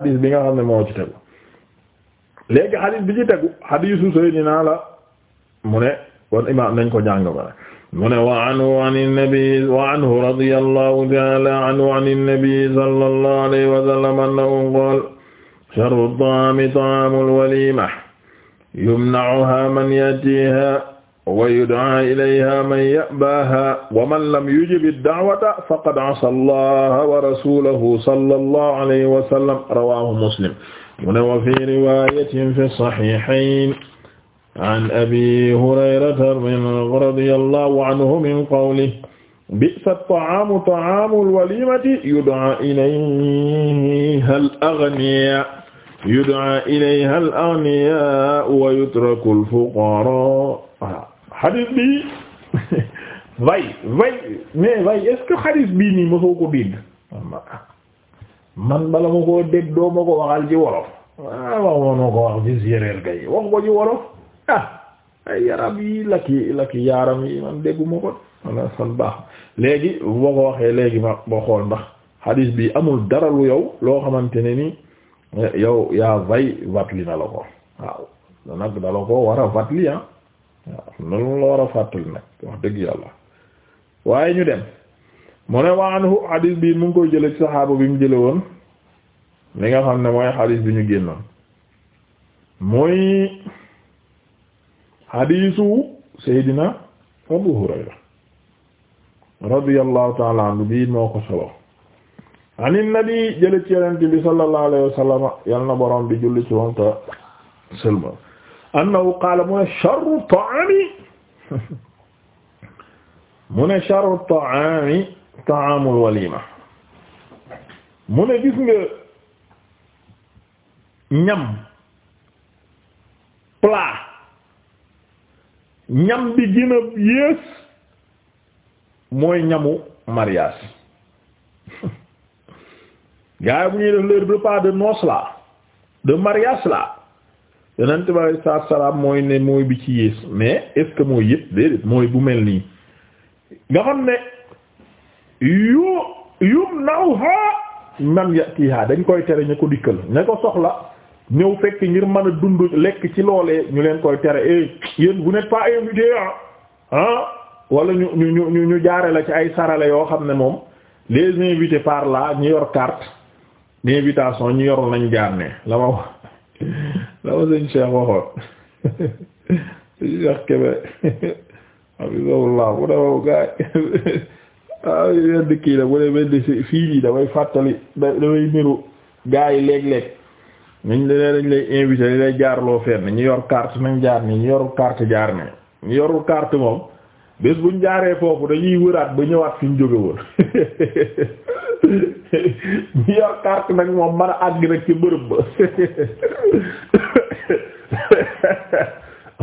xadis bi nga xam ne moo ci tegu léegi xadis bi ci tegu xadisu Seydina la mu ne kon imaam nañ ko jàng ba mu ne wa anhu an nabi wa anhu radiyallahu ta'ala anhu an nabi sallallahu alayhi wa sallam annahu qala sharru ta'ami ta'amul walima yumna'uha man yatiha wa yud'aa ilayhaa man ya'baahaa wa man lam yujib ad-da'wata faqad 'asaa Allaha wa rasuulahu sallallahu alayhi wa sallam rawaahu Muslim mu ne wa fii riwaayatin fi as-sahiihayn 'an Abii Hurayrata radiyallahu anhu min qawlihi bi'sa at-ta'aamu ta'aamu al-waliimati yud'aa ilayhaa al-aghniyaa yud'aa ilayhaa al-aghniyaa wa yutraku al-fuqaraa xadis bi vay vay mais vay est xadis bii nii mosoo ko dégg man bala ma koo dégg doo ma ko waxal ci wolof ah wax ma ko wax ci séeréer kay wax ko ci wolof ah ay yarab yi lakki lakki yaaram yi man déggu ma ko wala san baax léegi boo ko waxee léegi ma ba xool ndax xadis bi amul dara lu yow loo xamante ne ni eh, yow yaa vay vatli na la ko waaw nag da ko war a vatli ah waaw loolu la war a fàttali nag wax dëgg yàlla waaye ñu dem mu ne wa anhu hadis bi mu ngi koy jële ci bi mu jële woon li nga xam ne mooy hadis bi ñu génnoon mooy hadisu Seydina Abu Hurayra radiyallahu ta'ala anhu bii moo ko solo an nabi jële ci bi sallallahu alayhi wa sallam yal na borom bi julli ci moom ta sëlma annahu qaala mu ne sharru ta'aami mu ne sharru ta'aami ta'aamul walima mu ne gis nga ñam plat ñam bi gën a yées mooy ñamu mariage gars yi bu ñuy def le repas de noces là de mariage là yonent bi alayhi salaatu salaam mooy ne mooy bi ci yées mais est-ce que mooy yëpp mooy bu mel nii nga xam ne yu yum naw ha man yatiha dañ koy tere ñu ko dikkal ña ko soxla ñëw fekk ngir mën a dund lekk ci loolee ñu leen koy tere eh yéen vous pas invité ah, ah wala ñu ñu ñu ñu jaare la ci ay sarale yoo xam ne moom les invités par là ñu yor carte d'invitation ñu yorul nañ jaar la ma wax la ma sëñ Cheikh waxoon sëñ Cheikh bu kii la bu fii nii damay fàttali yi léeg-léeg dañ lay invité li lay jaarloo fenn ñu yor carte nañ jaar nii ñu yorul jaar ne ñu buñ jaaree foofu dañuy wëraat ba ñëwaat fi ñu jóge ñu yor carte nag moom mën a àgg nag ci bërëb ba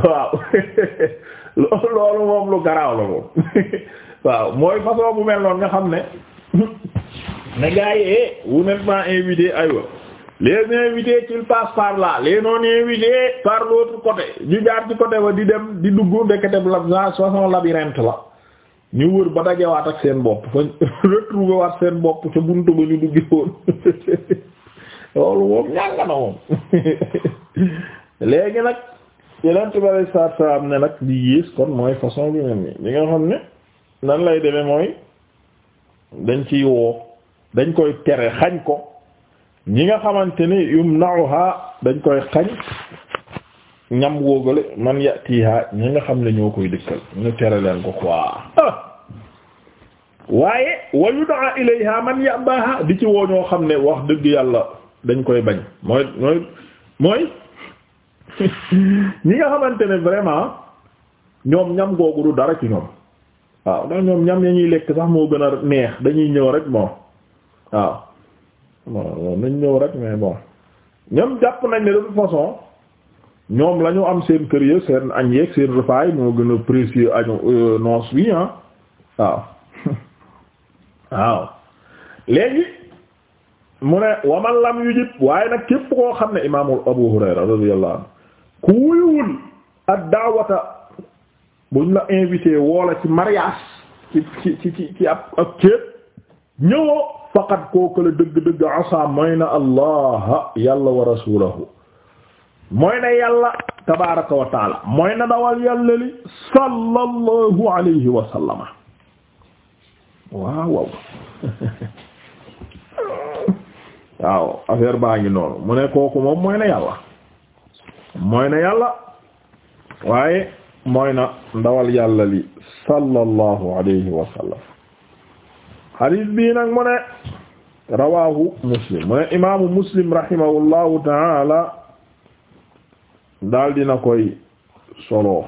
waaw loolu moom lu garaaw la moom waaw mooy façon bu mel noonu nga xam ne ne gars yi eh, vous n'êtes pas invité aywa les invités qu'ils passent par là les non par l'autre côté ñu jaar ci côté ba di dem di dugg ndekete la façon labyrinthe la ñu wër ba dajewaat ak seen bopp fañ retrouvé waat seen bopp ca buntu ba ñu duggi woon loolu moom ñànga na moom léegi nag yeneen tibere saat sa am ne nag di yées kon mooy façon bi mel ni li nga xam ne nan lay demee mooy dañ ci woo dañ koy tere xañ ko ñi nga xamante ni yum nauha dañ koy xañ ñam woogale man yatiha ñi nga xam ne ñoo koy dëkkal ñu tere leen ko quoi waaye wa yudaa ilayha man yabaha di ci woo ñoo xam ne wax dëgg yàlla dañ koy bañ mooy mooy mooy ñi nga xamante ne vraiment ñoom ñam googu du dara ci ñoom waaw ndax ñoom ñam ya ñuy lekk sax moo gën a neex dañuy ñëw rek moo waaw bon nañ ñëw rek mais bon ñoom jàpp nañ ne de façon ñoom lañu am seen kër ya seen añ yeeg seen repas moo gën a précieux añu euh, noos bi ah waaw waaw léegi mu ne waman lam yu waaye nag képp koo xam ne imaamul Abu Hurayra radiyallahu anhu ku wuyuwul ak daawata buñ la invité woola ci mariage ci ci ci ci ab ab ceeb ñëwoo faqat kooku la dëgg-dëgg asa mooy na allah yàlla wa rasulahu mooy na yàlla tabaraka wa taala na dawal yàlla li alayhi wa sallama waaw waaw waaw baa ngi noonu mu ne kooku moom mooy na yàlla mooy na yàlla waaye mooy na ndawal yàlla li alayhi wa sallam hadith nag mu ne rawahu muslim mu ne imaamu muslim rahimahullahu taala daal dina koy solo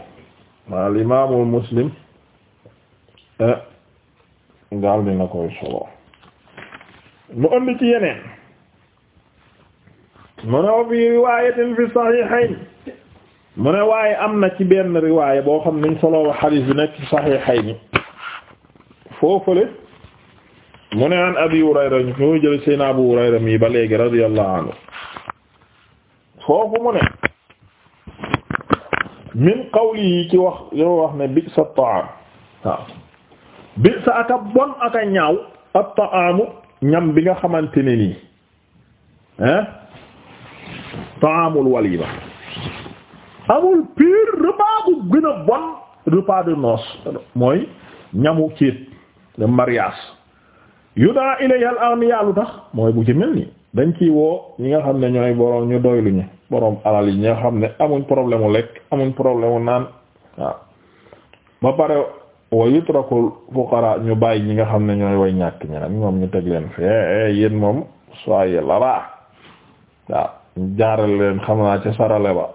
al imaamu muslim eh, daal dina koy solo mu ënd ci yeneen mu ne fi riwaayatin fi saxiixayn mu waaye am na ci benn riwaaya boo xam niñ solo xadiis bi nekk ci saxiixayn foofale mu an abi hurayra ñu jël seen abu hurayra mi ba léegi radiyallahu anhu foofu mu min qawli yi ci wax yoo wax ne bi sa ta'am waaw bi sa aka bon aka ñaaw at ta'amu ñam bi nga xamante ne nii hein ta'amul walima amul pire repas bu gën a bon repas de noces mooy ñamu ciit de yu daa ilayhi al lu tax mooy bu ci mel nii dañ ciy woo ñi nga xam ne ñooy boroom ñu doylu ñu boroom alal yi ñi nga xam ne amuñ problème mu lekk amuñ problème mu naan waaw ba pare wa yutrakul fuqara ñu bàyyi ñi nga xam ne ñooy way ñàkk ñi nag ñoom ñu teg leen fee eh, eh, yéen moom soyez là-bas waaw ñu leen xam naa ci sarale ba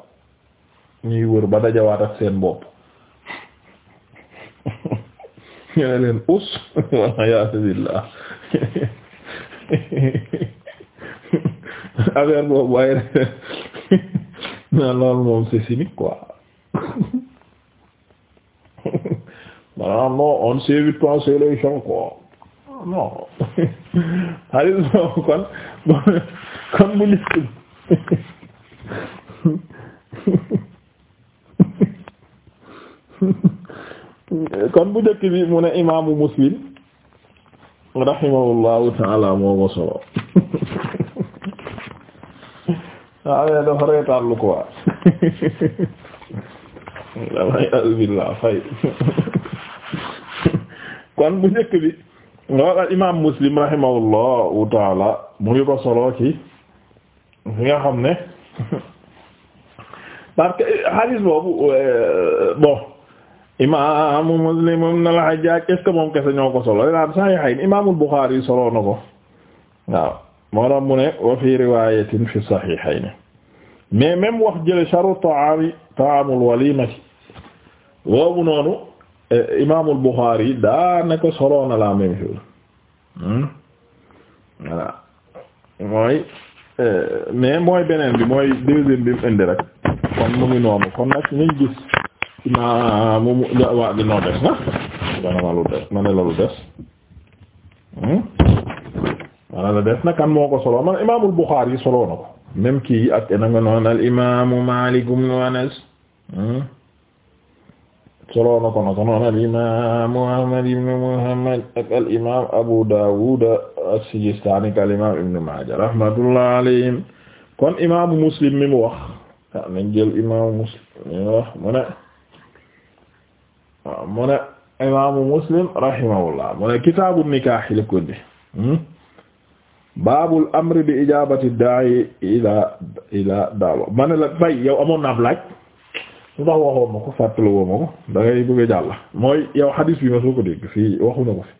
ñuy wër ba dajawaat ak seen bopp ñu ne leen us walla yaasibillah affaire boobu waaye non loolu moom c'est cynique quoi maanaam non on s'évite pas l'élection quoi ah, non xaalis moom kon kon bu njëkk kon bu njëkk bi mu ne imaamu Muslim rahimahullahu ta'ala moo ko solo waaw ah, dafa reetaan lu ko waa damay alhamdulilah fay kon bu njëkk bi loolu imaam muslim rahimahullahu taala mu ngi ko solo ci fi nga xam ne parce que hadith boobu euh, bon imaamu muslim ibn al-Hajjaj est-ce que moom kese ñoo ko solo laan sahihayn imaamul Bukhari solo na ko waaw moo tax mu ne wa fi riwayatin fi sahihayn mais même wax jële charu taami taamul woobu noonu e, imaamul Buxaari daa naka soloona la même chose hmm? voilà mooy e, mooy beneen bi mooy deuxième mu indi kon mu ngi noonu kon nag ñu gis imaamu waa di noo des na des wala la des na kan moo solo man imaamul Buxaari solo na ko même al imaamu Maalik ibn Anas hmm? solo na ko na al imaamu Ahmad ibn Muhammad ak al imaam Abu Daawud as-Sijistaani ak al imaam Ibn Maaja rahmatullah alayhim kon imaamu Muslim mi wax ah nañ Muslim mi mu wax mu ne waaw mu di baabul amri bi ijaabati daa'i ila ila daawa ma ne la bay yow amoon naaf laaj lu tax waxoon ma ko fàttali woo ma ko da ngay bëgg a mooy yow xadis bi ma soo ko dégg fii waxu na ko fi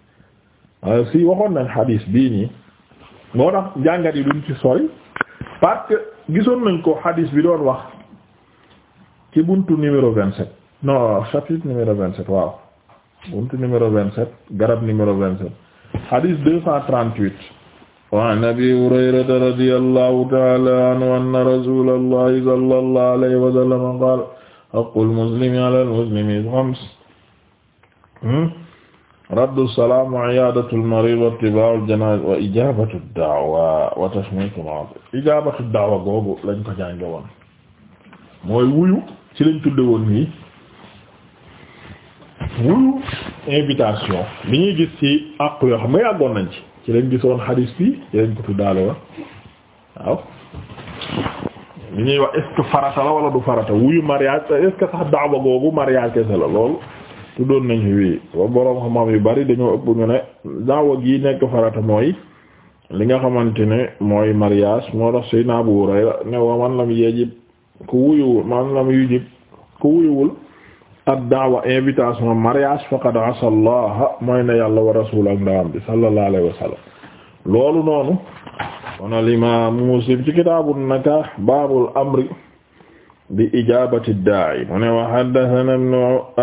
ah, si waxoon nañ xadis bii nii moo tax jàngat yi duñ ci sori parce gisoon nañ ko xadis bi doon wax ci buntu numéro vingt-sept non chapitre numéro vingt-sept waaw buntu numéro vingt-sept garab numéro vingt-sept xadis وعن أبي هريرة رضي الله تعالى عنه أن رسول الله صلى الله عليه وسلم قال حق المسلم على المسلم خمس رد السلام وعيادة المريض واتباع الجنائز وإجابة الدعوة وتشميت العاطل إجابة الدعوة googu lañ ko jànge woon mooy wuyu ci lañ tudde woon nii wuyu invitation bi ñuy gis ci àq yoo xam nga yàggoon nañ ci ci lañ gisoon xadiis bi ci lañ ko tuddaale waaw li ñuy wax est farata la wala du farata wuyu mariage est-ce sax daawa googu mariage kese la loolu tuddoon nañ wii ba boroom xam-xam yu bari dañoo ëpp ñu ne daawa gi nekk farata mooy li nga xamante ne mooy mariage moo tax Seydina Abu Hurayra ne wa man lam yejib ku wuyuwul man lam yujib ku wuyuwul ad-da'wa invitation mariage faqad asa Allah mooy ne yàlla wa rasul ak ndawam bi sallallahu alayhi wa sallam loolu noonu kon al imam Muslim ci kitaabun nikah baabul amri bi ijabati ad-da'i mu ne wa haddathana ibn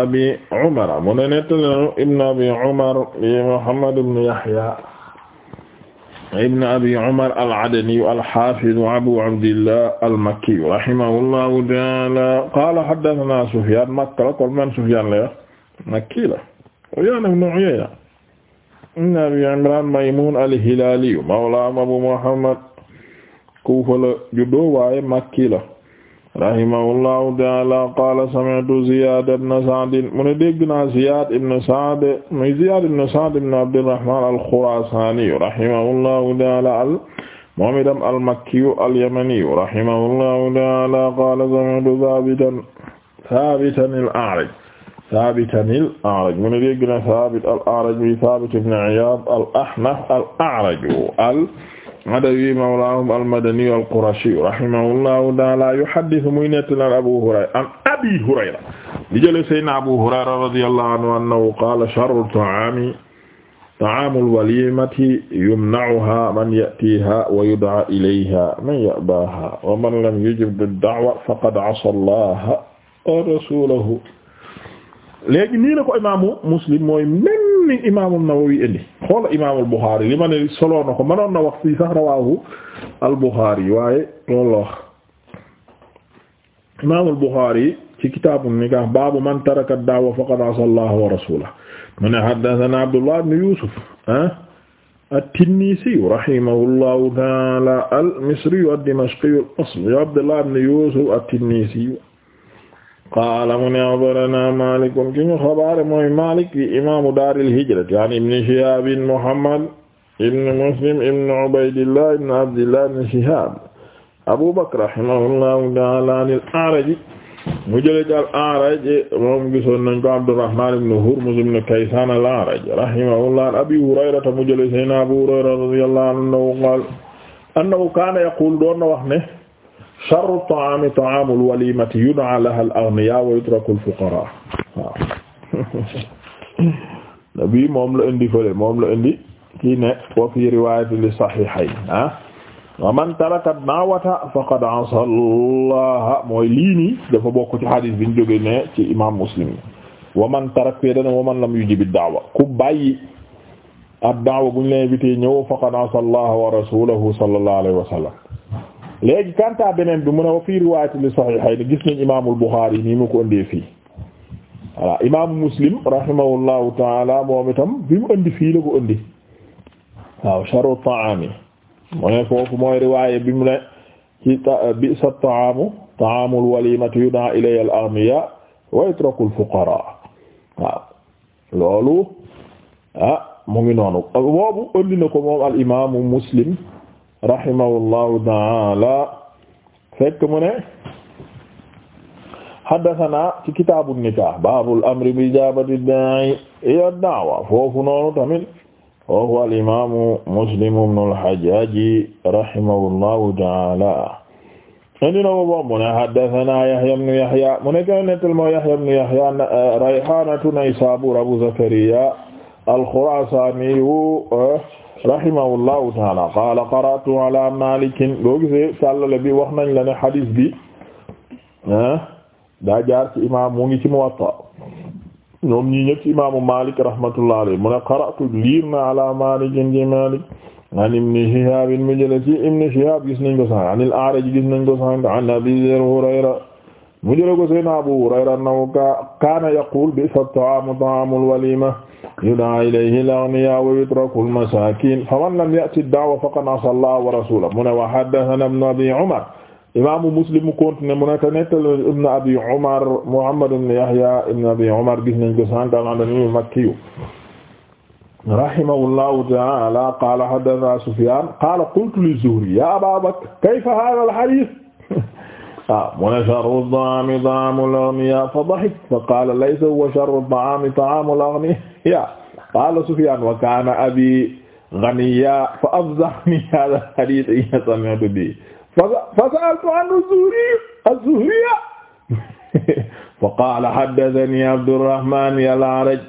abi Umar mu ne nettali ibn abi Umar bi Muhammad ibn Yahya ibn abi umar al-adaniyu al-hafidu abu abdillah al-makkiyu rahimahullahu taala qala haddathana sufyan makka la kon man sufyan la makki la sufyan ibn uyayna ibn abi imran maymun al-hilaliyu mawla abu muhammad kufa la juddo waaye makki la rahimahullahu taala qala sami'tu Ziyad ibn Sa'd mu ne dégg naa Ziyad ibn Sa'd muy Ziyad ibn Sa'd ibn Abdurrahman al-Khurasani rahimahullahu taala al moom itam al-Makki al-Yamani rahimahullahu taala qala sami'tu Thabitan Thabitan al-A'raj Thabitan al-A'raj mu ne dégg naa Thabit al-A'raj muy Thabit ibn Iyad al-Ahnaf al-A'raj adawi mawlaahum almadaniyu alqurashiyu rahimahullahu taala yuhaddisu muy nettalan abu hurayra an abi hurayra li jële sayyidina abu hurayra radiyallahu anhu annahu qaala sharru ta'aami ta'aamul waliimati yumna'uhaa man ya'tiihaa wa yud'aa ilayhaa man ya'baahaa wa man lam yujib bid-da'wa faqad 'asaa Allaaha wa rasuulahu léegi nii la ko imaamu Muslim mooy mi imaamu Nawawi indi xoola imaamul Buxaari li ma ne soloo na ko mënoon na wax fii sax rawaahu al Buxaari waaye loolu la wax imaamul Buxaari ci kitaabu nikaah baabu man taraka daawa faqad asaa Allaha wa rasuulahu mu ne haddasanaa Abdullah ibn Yuusuf ah at-Tinnisi rahimahullahu ta'aala al-Misri ad-Dimashqi al-asli Abdullah ibn Yuusuf at-Tinnisi qaala mu ne axbarana Maalik kon ki ñu xabaare mooy Maalik yi imaamu daaril hijra yaani ibn Shihaab Muhammad ibn Muslim ibn Ubaydillah ibn Abdillah ibn Shihaab Abu Bakr rahimahullahu ta'aala anil A'raj mu jële ci al-A'raj moom gisoon nañ ko Abdurrahmaan ibn Hurmuz ibn Kaysaan al-A'raj rahimahullah an Abi Hurayrata mu jële ci Abu Hurayra radiyallahu anhu qaala annahu kaana yaquulu doon na wax ne sharru ta'aami ta'aamul waliimati yud'aa lahal aghniyaa wa yutrakul fuqaraa waaw nabi moom la indi fële moom la indi kii ne wa fi riwaayati li sahihayn ah wa man taraka da'wata faqad asaa Allah mooy lii nii dafa bokk ci hadis bi ñu jógee ne ci imaam Muslim wa man taraka fee dana wa man lam yujibi da'wa ku bàyyi ad-da'wa bu ñu la invité ñëw faqad asaa Allah wa rasuulahu sallallahu alayhi wa sallam léegi kanta beneen bi mu ne wa fii riwaayati li sahihayn gis nañ imaamul Buxaari nii mu ko ëndee fii voilà imaamu Muslim rahimahullahu taala moom itam bi mu ëndi fii la ko ëndi waaw sharu ta'aami mu ne foofu mooy riwaaya bi mu ne ci bi'sa ta'aamu ta'aamul waliimati yud'aa ilayhi al-aghniyaa wa yutrakul fuqaraa waaw loolu ah mu ngi noonu boobu ëndi na ko moom al imaamu Muslim rahimahullahu taala fekk mu ne haddathana ci kitaabu nikah baabul amri bi ijaabati daa'i ila da'wa foofu noonu tamit foofu al imaamu muslim ibn al hajjaj rahimahullahu taala andi no bo mu ne haddathana yahya ibn yahya mu ne ko nettal moo yahya ibn yahya rayhaanatu naysaabuur abu zakariya al khuraasaani rahimahullahu taala qaala qara'tu ala malikin boo gisee sàllale bi wax nañ la ne hadis bi ah, daa jaar ci imam mu ngi ci Muwatta ñoom ñi ñëpp ci imaamu Malik rahmatullah alayhi mu ne qara'tu liir na ala malikin ci Malik an ibn Shihab mu jële ci ibn Shihab gis nañ ko sànq an al-A'raj gis nañ ko sànq an Abi Hurayra mu jële ko Seydina Abu Hurayra annahu kaana yaqul bi'sa ta'aamu ta'aamul waliima yud'aa ilayhi al-aghniyaa wa yutraku al-masaakiin faman lam ya'ti ad-da'wa faqad asaa Allaha wa rasuulahu mu ne wa haddathanaa ibnu Abii Umar imaamu Muslim mu continué mu nekk nettal ibnu Abii Umar Muhammad ibnu Yahyaa ibnu Abii Umar gis nañ ko sànq al-Makkiyu rahimahullahu ta'aalaa qaala haddathanaa Sufyaan qaala qultu li-Zuhrii yaa Abaa Bakr kayfa haadhal hadiis waaw ah, mu ne charru taami taamul aghniya fa dahik fa qaala laysa huwa charru taami taamul aghniya qaala Sufyaan wa kaana abi ghaniya fa afzahni haadha al-hadiith idhaa sami'tu bihi fa sa'altu anhu az-Zuhri az-Zuhri fa qaala haddathanii Abdurrahmaan al-A'raj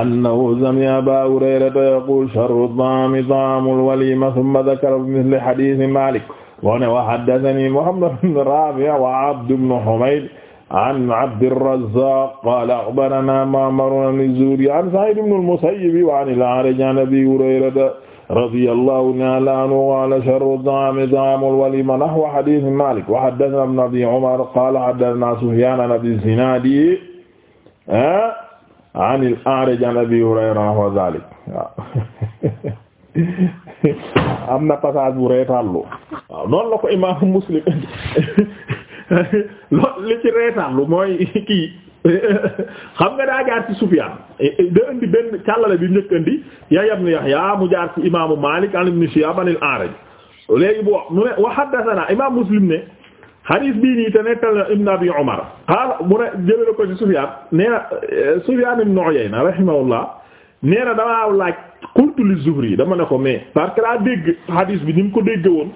annahu sami'a Abaa Hurayrata yaquulu charru taami taamul waliima thumma dhakara mithla hadiith Maalik moo ne wa haddathani Muhammad ibn Rafi' wa Abd ibn Humayd an Abd ar-Razzaq qala akhbarana Ma'mar an az-Zuhri an Sa'id ibn al-Musayyib wa an al-A'raj an Abi Hurayrata radiyallahu ta'ala anhu qala sharru ta'ami ta'amul walima nahwa hadith Malik wa haddathana ibn Abi Umar qala haddathana Sufyan an Abi Zinad an al-A'raj an Abi Hurayra wa dhalik am na passage bu reetaanlu waaw noonu la ko imaamu muslim loolu li ci reetaanlu mooy kii xam nga daa jaar ci Sufyaan e, e, da indi benn càllale bi njëkk indi Yahya ibn Yahya mu jaar ci imaamu Maalik an ibn Shihaab an al-A'raj léegi mu ne wa haddathana imaam muslim ne xadiis bii nii te nettal na ibn Abi Umar qaala mu ne jëlale ko ci Sufyaan nee na e, Sufyaan ibn Uyayna rahimahullah nee na damaa laaj qultu li Zuhri dama ne ko mais parce que daa dégg hadis bi ni mu ko dégg woon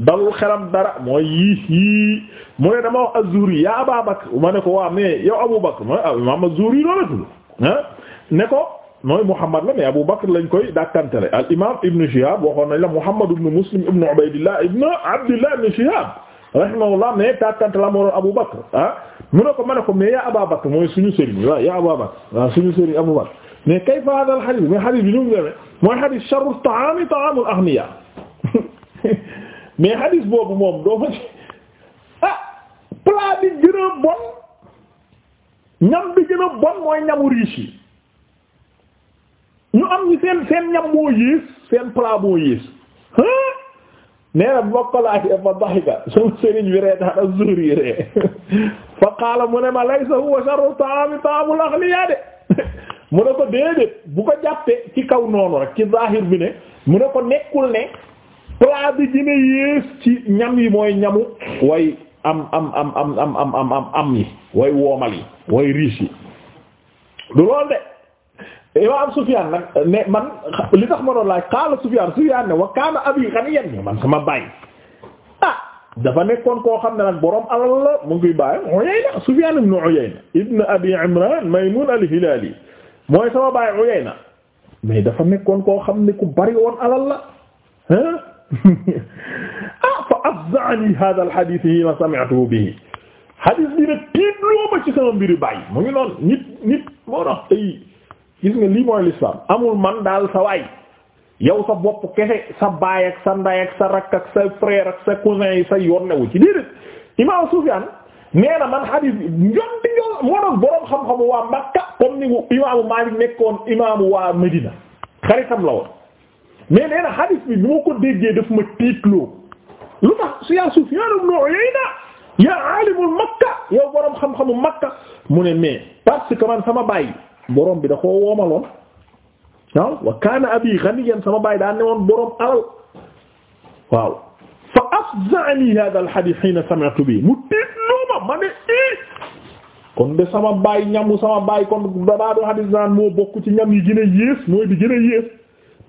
dalul xelam dara mooy yi yii mu ne dama wax az-Zuhri ya Aba Bakr ma ne ko waa mais yow Abu Bakr mooy ah imam az-Zuhri loola tudd ah ne ko mooy Muhammad la mais Abu Bakr lañ koy dàkkantele al imam Ibn Shihab waxoon nañ la Muhammad ibn Muslim ibn Ubaydillah ibn Abdillah ibn Shihab rahimahullah mais dàkkante la moo doon Abu Bakr ah mu ne ko ma ne ko mais ya Aba Bakr mooy suñu sëriñ waaw ya Aba Bakr waaw suñu sëriñ Abu Bakr mais kayfa hada al hadith mais hadith bi ñu ngi demee mooy hadith sharru ta'ami ta'amul boobu moom doo ci ah bi gën a ñam bi gën a mooy ñamu riche ñu am ñu seen seen ñam moo yées seen plat moo yées neena bokkalaati fa dahika sama sëriñ bi reetaan az-Zuhri ree fa qaala mu ne ma laysa huwa sharru ta'ami ta'amul aghniya de mu ne ko déedéet bu ko jàppee ci kaw noonu rek ci zahir bi ne mu ne ko nekkul ne plat bi dina yées ci ñam yi mooy ñamu way am am am am am am am am am yi way woomal yi way riche yi du loolu de imam Sufyan nag ne man li tax ma doon laaj kaala Sufyan Sufyan ne wa kaana abi ghaniyan man sama baay ah dafa nekkoon koo xam ne nag borom alal la mu ngi bàyyi Uyayna Sufyan ibn Uyayna ibn abi Imran Maymun al-Hilali mooy sama baay Uyayna mais dafa nekkoon koo xam ne ku bari woon alal la ah fa afza'ani hadha al-hadith ma sami'tu bihi hadith bi ne tiitloo ci sama mbiru baay mu ngi noonu nit nit moo tax tey gis nga lii mooy l'islam amul man daal sa waay yow sa bopp kese sa baay ak sa nday ak sa rakk ak sa frère ak sa cousin sa yoon newu ci déedéet Imam Sufyan nee na man xadis bi ñoom borom xam-xamu waa Makka comme ni imaamu Maalik nekkoon imaamu waa Medina xaritam la woon mais nee na xadis bi bi ma ko déggee daf ma tiitloo lu yow borom xam-xamu Makka mu ne sama baay borom bi da koo woomaloon wa kaana abi ghaniyan sama baay daa ne woon borom alal waaw fa afza'ani hadha al hadith hina sami'tu bi mu tiit ma ne eh! kon de sama baay ñamu sama baay kon dadaa do hadis moo bokk ci ñam yi gën a yées mooy bi gën a yées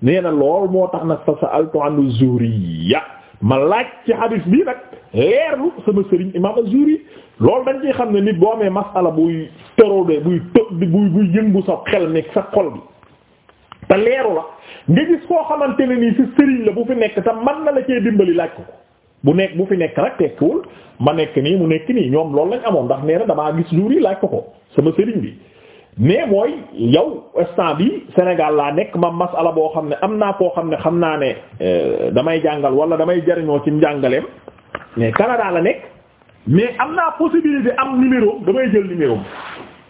nee na lool moo tax nag fa sa'altu an Zuhriya ma laaj ci hadis bii nag leerlu sama sëriñ imam Az-Zuhri loolu dañ ciy xam ne nit boo amee masala buy tërode buy tëb buy buy yëngu sa xel nekk sa xol bi te leeru la nga gis koo xamante ne nii si sëriñ la bu fi nekk te mën na la cee dimbali laaj ko bu nekk bu fi nekk nag tekkiwul ma nekk nii mu nekk nii ñoom loolu lañ amoon ndax nee na damaa gis jour yi laaj ko ko sama sëriñ bi mais mooy yow instant bi Sénégal laa nekk ma ala boo xam ne am naa koo xam ne xam naa ne euh, damay jàngal wala damay jariñoo ci njàngaleem mais Canada la nekk mais am naa possibilité am numéro damay jël numéro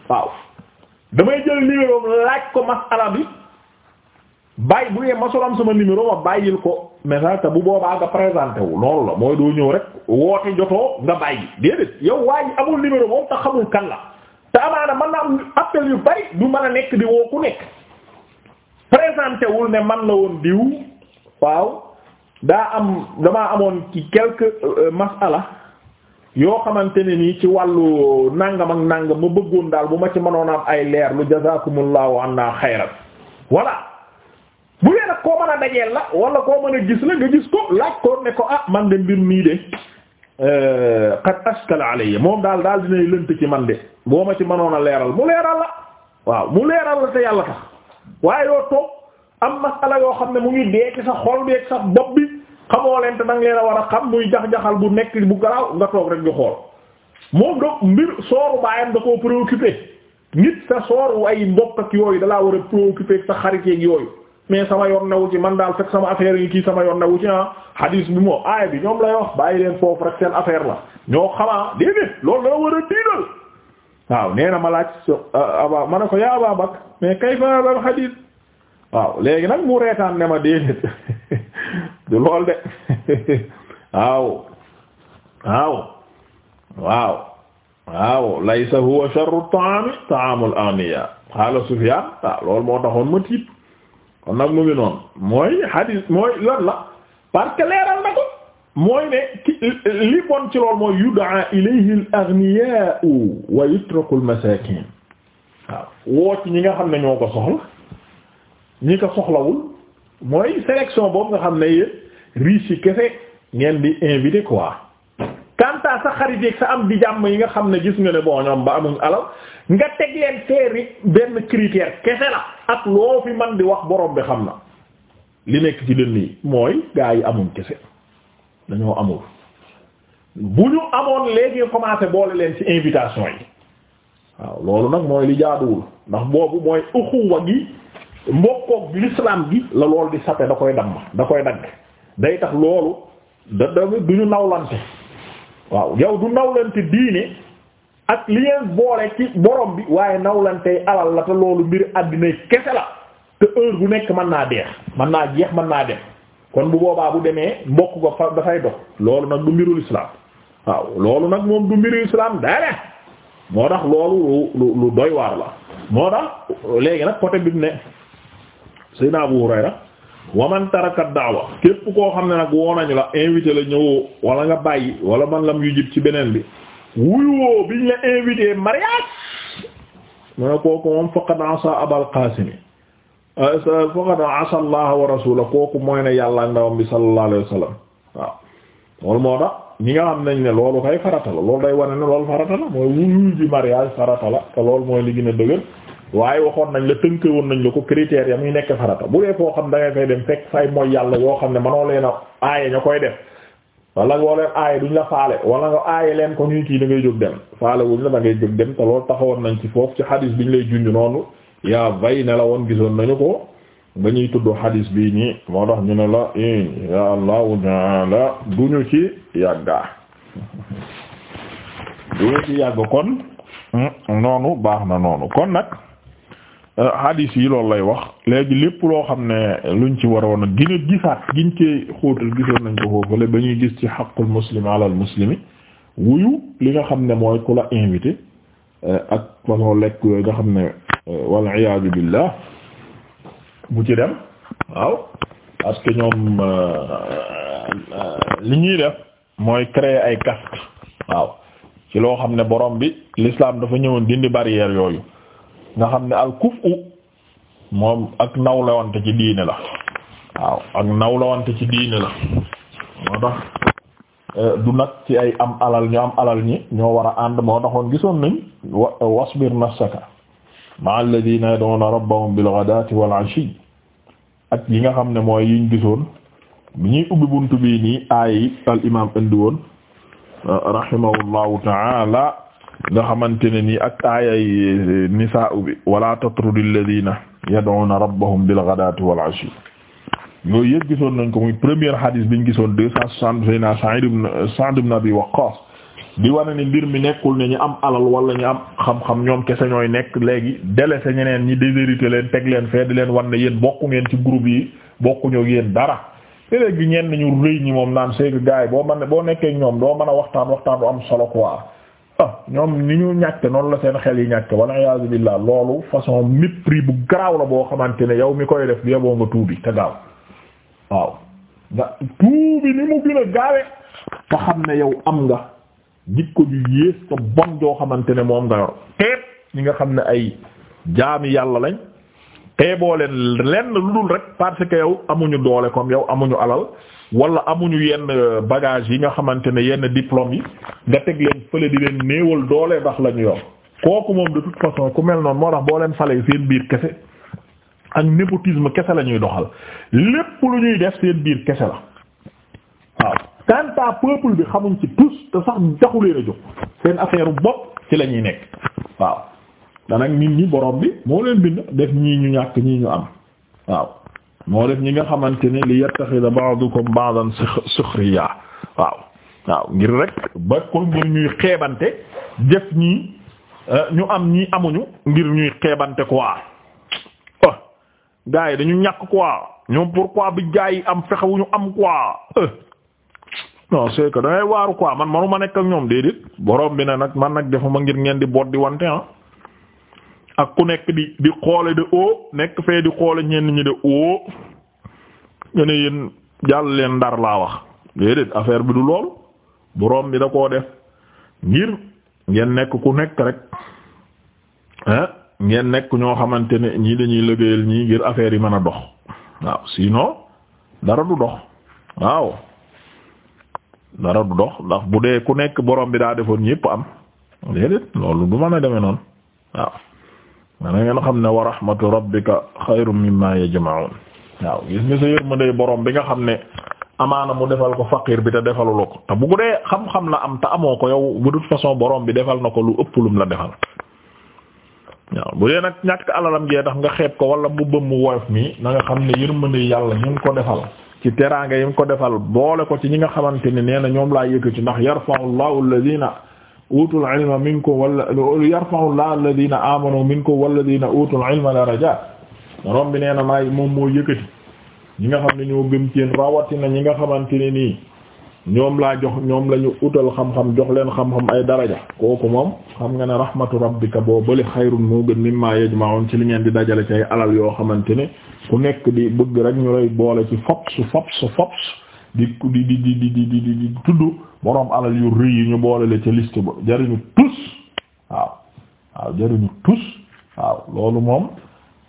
waaw damay jël numéro laaj ko masala bi bàyyi bu dee masul am sama numéro ma bàyyil ko message te bu boobaa nga présenté wu loolu la mooy doo ñëw rek woote jotoo nga bàyyi déedéet yow waa ji amul numéro moom te xamul kan la te amaana mën na am appel yu bari du mën a nekk di woo ku nekk présenté wul ne man la woon diw waaw daa am damaa amoon ci quelques euh, masala yoo xamante ne nii ci wàllu nangam ak nangam ma bëggoon daal bu ma ci mënoon am ay leer lu jazakumullahu anna xayran voilà bu dee nag koo mën a dajeel la wala koo mën a gis la nga gis ko laaj ko ne ko ah man de mbir mii de euh, qad ashkala alayya moom daal daal dinay lënt ci man de boo ma ci mënoon a leeral mu leeral la waaw mu leeral la te yàlla tax waaye yoo toog am masala yoo xam ne mu ngi dee ci sa xool bi ak sa bopp bi xamoo leen te da nga a war a xam muy jax-jaxal bu nekk bu garaaw nga toog rek ñu xool moom do mbir sooru baayam da koo préoccupé nit sa sooru ay mbokk ak yooyu dalaa war a préoccupé sa xarit yeeg yooyu mais sama yoon newu ci man daal fekk sama affaire yi kii sama yoon newu ci ah hadis bi moo aaya bi ñoom lay wax bàyyi leen foofu rek seen affaire la ñoo xamaa déedéet loolu la war a diidal waaw nee ma laaj euh, aba ma ne ko yaa Abaa Bakr mais kayfa al hadis waaw léegi nag mu reetaan ne ma déedéet du lool de waaw waaw waaw waaw laysa huwa sharru ta'ami ta'amul aghniya qala Sufyan waaw loolu moo taxoon ma tiit kon nag mu ngi noonu mooy hadith mooy lan la parce que leeral na ko mooy ne li bon ci lool mooy yud'a ilayhi al-aghniya wa yutraku al-masakin waaw woo ci ñi nga xam ne ñoo ko soxla ñi ko soxlawul mooy sélection boobu nga xam ne yéen riche yi kese ngeen di invité quoi kanta sa xarit yi sa am di jàmm yi nga xam ne gis nga ne bon ñoom ba amuñ alal nga teg leen seeri benn critère kese la ak loo fi man di wax borom bi xam na li nekk ci dënn yi mooy gaa yi amuñ kese dañoo amul bu ñu amoon léegi commencé boole leen ci invitation yi waaw loolu nag mooy li jaaduwul ndax boobu mooy uxuwa gi mbokkoog l'islam gi la lool di sape da koy damm da koy dagg day tax loolu da da duñu nawlante waaw yow du nawlante diine ak li ngeen boole ci borom bi waaye nawlantey alal la te loolu mbir àddina kese la te heure bu nekk mën naa deex mën naa jeex mën naa def kon bu boobaa bu demee mbokk ko fa dafay dox loolu nag du mbirul islam waaw loolu nag moom du mbiru islam dara moo tax loolu lu lu doy waar la moo tax léegi nag côté bi mu ne Seydina Abu Hurayra wa man taraka daawa képp koo xam ne nag woo nañu la invité la ñëwoo wala nga bàyyi wala man la yu jib ci beneen bi wuyoo biñ la invité mariage mu ne kooku moom faqad asa abal qaasimi faqad asa allah wa rasula kooku mooy ne yàlla ndawam bi sallallahu alayhi waaw loolu moo tax ñi nga xam nañ ne loolu kay farata la loolu day wane ne loolu farata la mooy wuyu ji mariage farata la te loolu mooy li gën a dëgër waaye waxoon nañ la tënk woon nañ la ko critères ya muy nekk farata bu dee foo xam da ngay fay dem fekk fay mooy yàlla yoo xam ne manoo leen a aaye ña koy def wala woo leen aaye duñ la wala nga leen ko kii da ngay jóg dem faale wuñ la da ngay jóg dem te loolu taxawoon nañ ci foofu ci xadis bi ñu lay junj noonu yaa vay ne la woon gisoon nañu ko ba ñuy tudd xadis bii nii moo tax ñu ne la insha allahu taala duñu ci yàgga duñu ci yàgg kon noonu baax na noonu kon nag Euh, hadis yi loolu lay wax léegi lépp loo xam ne luñ ci waroon a gën a gisaat giñ cee xóotal gisoon nañ ko foofule ba ñuy gis ci xaqul muslim alal muslimi wuyu li nga xam ne mooy ku la invité euh, ak façon lekk yooyu nga xam ne euh, wal iyaadu billah bu ci dem waaw parce ñoom li ñuy def mooy créer ay caste waaw ci loo xam ne borom bi l'islam dafa ñëwoon dindi barrière yooyu nga xam ne al kufu moom ak naw la wante ci diine la waaw ak naw la wante ci diine la moo tax eh, du nag ci ay am alal ñu am alal ñi ñoo war a ànd moo taxoon gisoon nañ wasbir nafsaka ma'a alladhina yad'una rabbahum bil ghadati wal 'ashi ak yi nga xam ne mooy yiñ gisoon bi ñuy ubbi buntu bii nii aay al imam indi woon ta'ala nga xamante ne nii ak aayay eh, nisaa bi wala tatrudi alladina yad'una rabbahum bil ghadati wal ashi yooyu yëpp gisoon nañ ko muy premier hadith biñ gisoon deux cent soixante sayna Sa'id ibn euh, Sa'd ibn Abi Waqqas di wane ni mbir mi nekkul ne ñu am alal wala ñu am xam-xam ñoom kese ñooy nekk léegi délaissé ñeneen ñi déshérité leen teg leen fee di leen wan ne yéen bokku ngeen ci groupe yi bokkuñu ak yéen dara te léegi ñenn ñu rëy ñi moom naan c'est que gars yi boo mën boo nekkee ñoom doo mën a waxtaan waxtaan bu am solo quoi ah ñoom ni ñu ñàkk noonu la seen xel yi ñàkk wala iyaazu billah loolu façon mépris bu garaaw la boo xamante ne yow mi koy def yoboo nga tuubi te gaaw waaw nga tuubi ni mu gën a gaawe xam ne yow am nga jikko ju yées te bon joo xamante ne moom nga yor teet ñi nga xam ne ay jaami yàlla lañ xeeboo leen lenn lu dul rek parce que yow amuñu doole comme yow amuñu alal wala amuñu yenn euh, bagage yi nga xamante ne yenn diplôme yi nga teg leen fële di leen néewal doole ndax lañu ñu kooku moom de toute façon ku mel noonu moo tax boo leen falee seen biir kese ak népotisme kese la ñuy doxal lépp lu ñuy def seen biir kese la waaw quant à peuple bi xamuñ ci tous te sax jaxuleen a jóg seen affaire bopp ci la ñuy nekk waaw te nag nit ñi borom bi moo leen bind def ñii ñu ñàkk ñii ñu am waaw moo def ñi nga xamante ne li yattaxida ba'dukum ba'dan suxriya waaw waaw ngir rek ba ko ngir ñuy xeebante def ñii euh, ñu am ñii amuñu ngir ñuy xeebante quoi ah yi dañu ñàkk quoi ñoom pourquoi bi gars yi am fexewuñu am quoi oh. non c'est que dangay waaru quoi man manuma nekk ak ñoom déedéet borom bi ne nag man nag defuma ngir ngeen di boot di wante ah ak ku nekk di di xoole de o nekk fee di xoole ñenn ñi de o ñu ne yéen jàll leen ndar laa wax déedéet affaire bi du lool boroom bi da koo def ngir ngeen nekk ku nekk rek ah ngeen nekk ñoo xamante ne ñii dañuy liggéeyal ñii ngir affaire yi mën a dox waaw sinon dara du dox waaw dara du dox ndax bu dee ku nekk boroom bi daa defoon ñépp am déedéet loolu du mën a demee noonu waaw mana ngeen xam ne wa rahmatu rabbika xayrun mimma yajma'un waaw gis nga sa yërmande borom bi nga xam ne amaana mu defal ko faqiir bi te defaluloo ko te bu ko dee xam-xam la am te amoo ko yow bu dut façon borom bi defal na ko lu ëpp lum la defal waaw bu dee nag ñàkk alalam jee tax nga xeeb ko wala mu bëm mu woyof mi na nga xam ne yërmande yàlla ñu ngi ko defal ci teraanga yi ko defal boole ko ci ñi nga xamante ne nee na ñoom laa yëkkati ndax yarfa'u llahu utul ilma minkum wala yarfa'u Allahu alladhina amanu minkum walladhina utul ilma darajat rom bi nee na maay moom moo yëkkati ñi nga xam ne ñoo gëm ci yéen rawatina ñi nga xamante ne nii ñoom laa jox ñoom la ñu utal xam jox leen xam ay daraja kooku moom xam nga ne rahmatu rabbika boo bële xayrun moo gën mimma yajma'un ci li ngeen di dajale ci alal yoo xamante ne ku nekk di bëgg rek ñu lay boole ci fops fops fops di di di di di di di tudd boroom alal yu rëy yu ñu boole la ca liste ba jariñu tus waaw waaw jariñu tus waaw loolu moom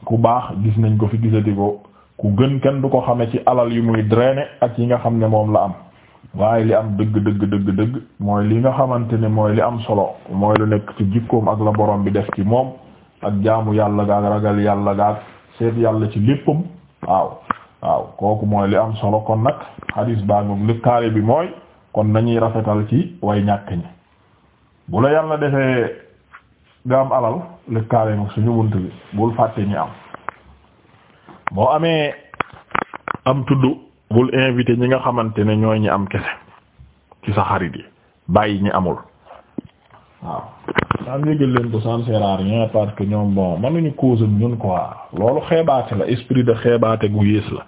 ku baax gis nañ ko fi gisati ko ku gën kenn du ko xame ci alal yu muy drainer ak yi nga xam ne moom la am waaye li am dëgg dëgg dëgg dëgg mooy li nga xamante ne mooy li am solo mooy lu nekk ci jikkoom ak la boroom bi def ci moom ak jaamu yàlla gaag ragal yàlla gaag seet yàlla ci léppam waaw waaw kooku mooy li am solo kon nag hadis baa moom lëkkaale bi mooy kon nañuy rafetal ci way ñàkk ñi bu la yàlla defee nga am alal lëkkaale mag suñu bunt bi bul fàtte ñi am boo amee am tudd bul invité ñi nga xamante ne ñooy ñi am kese ci sa xarit yi bàyyi ñi amul waaw daan yëgal leen ko ça ne sert à ñoom bon mënuñu cause am ñun quoi loolu xeebaate la esprit de xeebaate gu yées la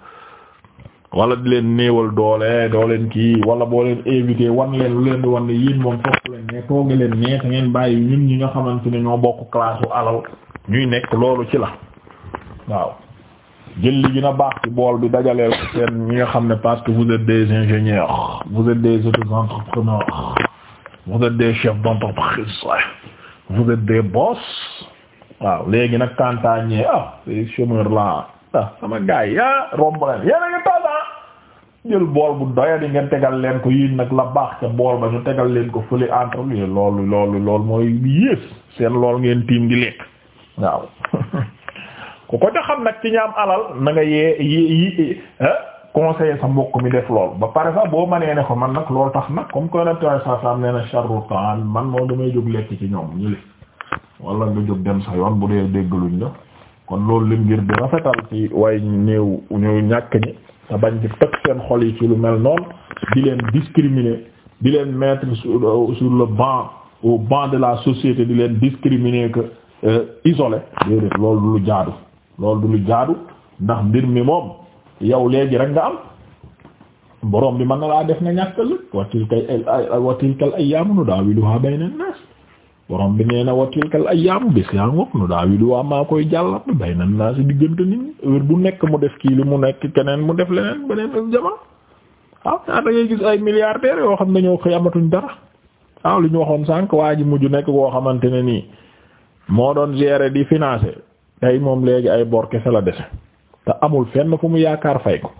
wala di leen néewal doole doo leen kii wala boo leen invité wan leen lu leen di wan ne yéen moom topp leen ne tooge leen ne te ngeen bàyyi ñun ñi nga xamante ne ñoo bokk classe u alal ñuy nekk loolu ci la waaw jël li gën a baax ci bool bi dajaleel seen ñi nga xam ne parce que vous êtes des ingénieurs vous êtes des auto vous êtes des chefs d'entreprise vous êtes des boss waaw léegi nag kantañe ah les chômeurs là ah sama gaay ya ah, romb leen yéen a ngi tànn ah. jël bool bu doya di ngeen tegal leen ko yii nag la baax ca bool ba ñu tegal leen ko fële entre lui loolu loolu loolu mooy yées seen lool ngeen tiim di lekk waaw ku ko ca xam nag ci ñaam alal na yee yi conseiller sa mbokk mi def lool ba pare sax boo mënee ne ko man nag loolu tax nag comme que nag saa saa am nee na charru ta'am man moom damay jóg lekk ci ñoom ñu li wala nga jóg dem sa yoon bu dee déggaluñ la kon loolu lim ngir di rafetal ci way néew ñu ñàkk ñi te bañ ci teg seen xol yi ci lu mel noonu di leen discriminer di leen mettre sur euh, sur le banc au banc de la société di leen discriminer que euh, isolé déedéet loolu du lu jaadu loolu lu jaadu ndax mbir mi moom. yow léegi rek nga am boroom bi mën na laa def nga ñàkk ëllëg ay tilka wa tilkal ayyaamu nudaawiluhaa bayna naas borom bi nee na wa tilkal ayyaamu bés yaa ngoog nudaawiluhaa maa koy jàllab bayna naas diggante nit ñi bu nekk mu def kii lu mu nekk keneen mu def leneen beneen jamono waaw ah, da ngay gis ay milliardaires yoo xam ne ñoo xëy amatuñ dara waaw li ñu waxoon sànq waa ji mujj nekk koo xamante ne nii moo doon gérer di financer moom léegi ay bor te amul fenn fu mu yaakaar fay ko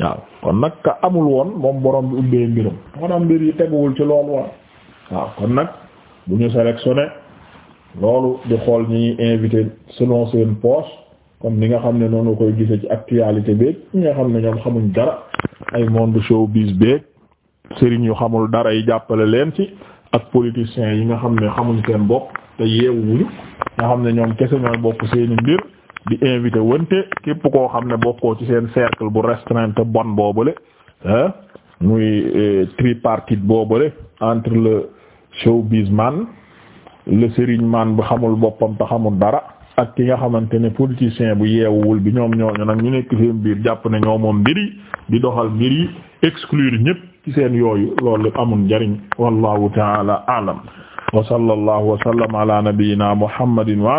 waaw kon nag ka amul woon moom borom bi ubbee mbiram maanaam mbir yi teguwul ci loolu waaw kon nag bu ñu sélectionné loolu di xool ñi invité selon seen poche comme ni nga xam ne noonu koy gisee ci actualité beeg ñi nga xam ne ñoom xamuñ dara ay monde showbiz beeg sëriñ yu xamul dara yi jàppale leen ci ak politiciens yi nga xam ne xamuñ seen bopp te yeewuñu nga xam ne ñoom kese ñooy bokk seeni mbir. di invité wante képp koo xam ne bokkoo ci seen cercle bu restreint bon boobule ah muy euh, tripartite boobule entre le showbiz man le serigne man bu xamul boppam te xamul dara ak ki nga xamante ne politicien bu yeewuwul bi ñoom ñooñu nag ñu nekk seen biir jàpp ne ñoo moom mbir yi di doxal mbir yi exclure ñépp ci seen yooyu loolu amul njariñ wallahu taala wa sallallahu wa sallam ala nabiyyina muhammadin wa